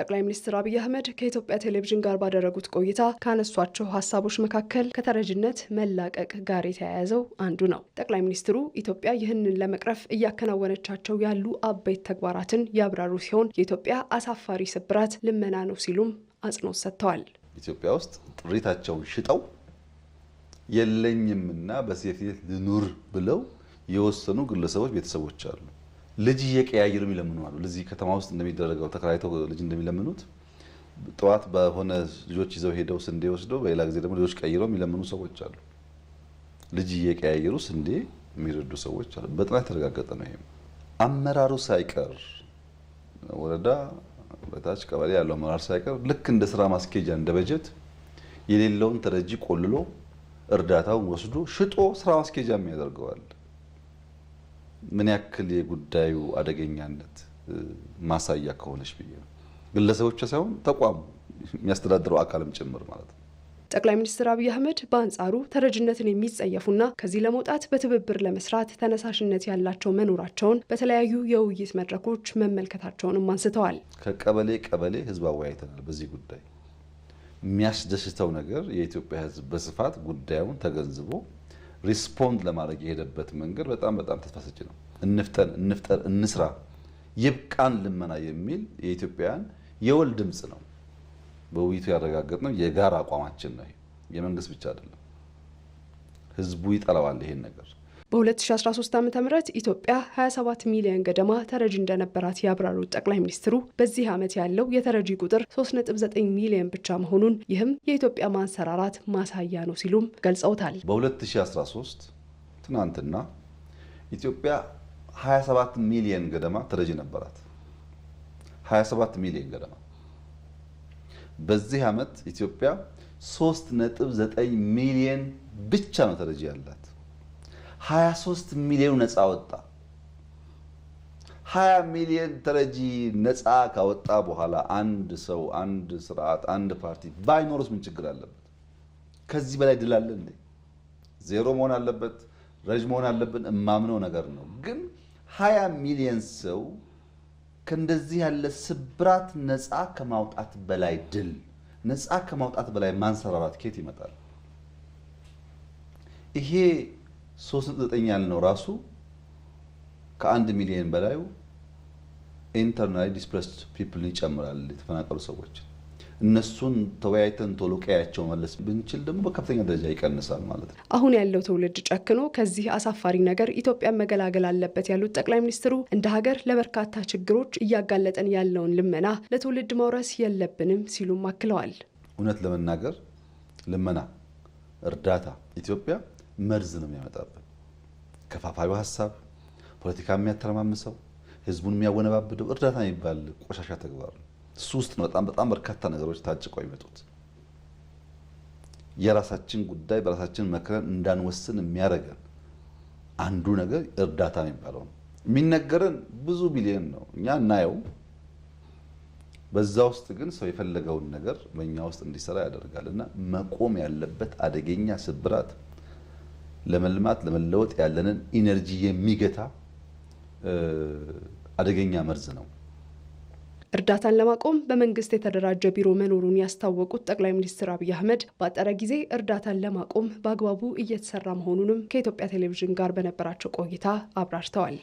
ጠቅላይ ሚኒስትር አብይ አህመድ ከኢትዮጵያ ቴሌቪዥን ጋር ባደረጉት ቆይታ ካነሷቸው ሀሳቦች መካከል ከተረጅነት መላቀቅ ጋር የተያያዘው አንዱ ነው። ጠቅላይ ሚኒስትሩ ኢትዮጵያ ይህንን ለመቅረፍ እያከናወነቻቸው ያሉ አበይት ተግባራትን ያብራሩ ሲሆን የኢትዮጵያ አሳፋሪ ስብራት ልመና ነው ሲሉም አጽንኦት ሰጥተዋል። ኢትዮጵያ ውስጥ ጥሪታቸውን ሽጠው የለኝምና በሴፍትኔት ልኑር ብለው የወሰኑ ግለሰቦች ቤተሰቦች አሉ። ልጅ የሚለምኑ አሉ። ለዚህ ከተማ ውስጥ እንደሚደረገው ተከራይተው ልጅ እንደሚለምኑት ጠዋት በሆነ ልጆች ይዘው ሄደው ስንዴ ወስደው በሌላ ጊዜ ደግሞ ልጆች ቀይረው የሚለምኑ ሰዎች አሉ። ልጅ እየቀያየሩ ስንዴ የሚረዱ ሰዎች አሉ። በጥናት የተረጋገጠ ነው። ይሄም አመራሩ ሳይቀር ወረዳ በታች ቀበሌ ያለው አመራር ሳይቀር ልክ እንደ ስራ ማስኬጃ እንደ በጀት የሌለውን ተረጂ ቆልሎ እርዳታውን ወስዶ ሽጦ ስራ ማስኬጃ ያደርገዋል። ምን ያክል የጉዳዩ አደገኛነት ማሳያ ከሆነች ብዬ ነው። ግለሰቦች ሳይሆን ተቋም የሚያስተዳድረው አካልም ጭምር ማለት ነው። ጠቅላይ ሚኒስትር አብይ አህመድ በአንጻሩ ተረጅነትን የሚጸየፉና ከዚህ ለመውጣት በትብብር ለመስራት ተነሳሽነት ያላቸው መኖራቸውን በተለያዩ የውይይት መድረኮች መመልከታቸውንም አንስተዋል። ከቀበሌ ቀበሌ ህዝብ አወያይተናል። በዚህ ጉዳይ የሚያስደስተው ነገር የኢትዮጵያ ህዝብ በስፋት ጉዳዩን ተገንዝቦ ሪስፖንድ ለማድረግ የሄደበት መንገድ በጣም በጣም ተስፋ ሰጪ ነው። እንፍጠን፣ እንፍጠር፣ እንስራ፣ ይብቃን ልመና የሚል የኢትዮጵያውያን የወል ድምፅ ነው። በውይይቱ ነው። የጋራ አቋማችን ነው። የመንግስት ብቻ አይደለም። ህዝቡ ይጠላዋል ይሄን ነገር በ2013 ዓ ም ኢትዮጵያ 27 ሚሊዮን ገደማ ተረጂ እንደነበራት ያብራሩት ጠቅላይ ሚኒስትሩ በዚህ ዓመት ያለው የተረጂ ቁጥር 3.9 ሚሊዮን ብቻ መሆኑን ይህም የኢትዮጵያ ማንሰራራት ማሳያ ነው ሲሉም ገልጸውታል። በ2013 ትናንትና ኢትዮጵያ 27 ሚሊዮን ገደማ ተረጂ ነበራት። 27 ሚሊዮን ገደማ በዚህ ዓመት ኢትዮጵያ 3.9 ሚሊዮን ብቻ ነው ተረጂ ያላት። 23 ሚሊዮን ነፃ ወጣ። 20 ሚሊዮን ተረጂ ነፃ ካወጣ በኋላ አንድ ሰው አንድ ስርዓት አንድ ፓርቲ ባይኖርስ ምን ችግር አለበት? ከዚህ በላይ ድል አለ እንዴ? ዜሮ መሆን አለበት፣ ረጅም መሆን አለብን። እማምነው ነገር ነው። ግን 20 ሚሊዮን ሰው ከእንደዚህ ያለ ስብራት ነፃ ከማውጣት በላይ ድል ነፃ ከማውጣት በላይ ማንሰራራት ኬት ይመጣል? ይሄ 3.9 ያልነው ራሱ ከአንድ ሚሊዮን በላዩ ኢንተርናሊ ዲስፕሌስድ ፒፕልን ይጨምራል፣ የተፈናቀሉ ሰዎች። እነሱን ተወያይተን ቶሎ ቀያቸው መለስ ብንችል ደግሞ በከፍተኛ ደረጃ ይቀንሳል ማለት ነው። አሁን ያለው ትውልድ ጨክኖ ከዚህ አሳፋሪ ነገር ኢትዮጵያን መገላገል አለበት ያሉት ጠቅላይ ሚኒስትሩ እንደ ሀገር ለበርካታ ችግሮች እያጋለጠን ያለውን ልመና ለትውልድ መውረስ የለብንም ሲሉም አክለዋል። እውነት ለመናገር ልመና፣ እርዳታ ኢትዮጵያ መርዝ ነው የሚያመጣብን። ከፋፋዩ ሀሳብ፣ ፖለቲካ የሚያተረማምሰው፣ ህዝቡን የሚያወነባብደው እርዳታ የሚባል ቆሻሻ ተግባር ነው። እሱ ውስጥ ነው በጣም በጣም በርካታ ነገሮች ታጭቀው የሚመጡት። የራሳችን ጉዳይ በራሳችን መክረን እንዳንወስን የሚያደርገን አንዱ ነገር እርዳታ የሚባለው ነው። የሚነገረን ብዙ ቢሊዮን ነው፣ እኛ እናየው። በዛ ውስጥ ግን ሰው የፈለገውን ነገር በእኛ ውስጥ እንዲሰራ ያደርጋል እና መቆም ያለበት አደገኛ ስብራት ለመልማት ለመለወጥ ያለንን ኢነርጂ የሚገታ አደገኛ መርዝ ነው። እርዳታን ለማቆም በመንግስት የተደራጀ ቢሮ መኖሩን ያስታወቁት ጠቅላይ ሚኒስትር አብይ አህመድ በአጠረ ጊዜ እርዳታን ለማቆም በአግባቡ እየተሰራ መሆኑንም ከኢትዮጵያ ቴሌቪዥን ጋር በነበራቸው ቆይታ አብራርተዋል።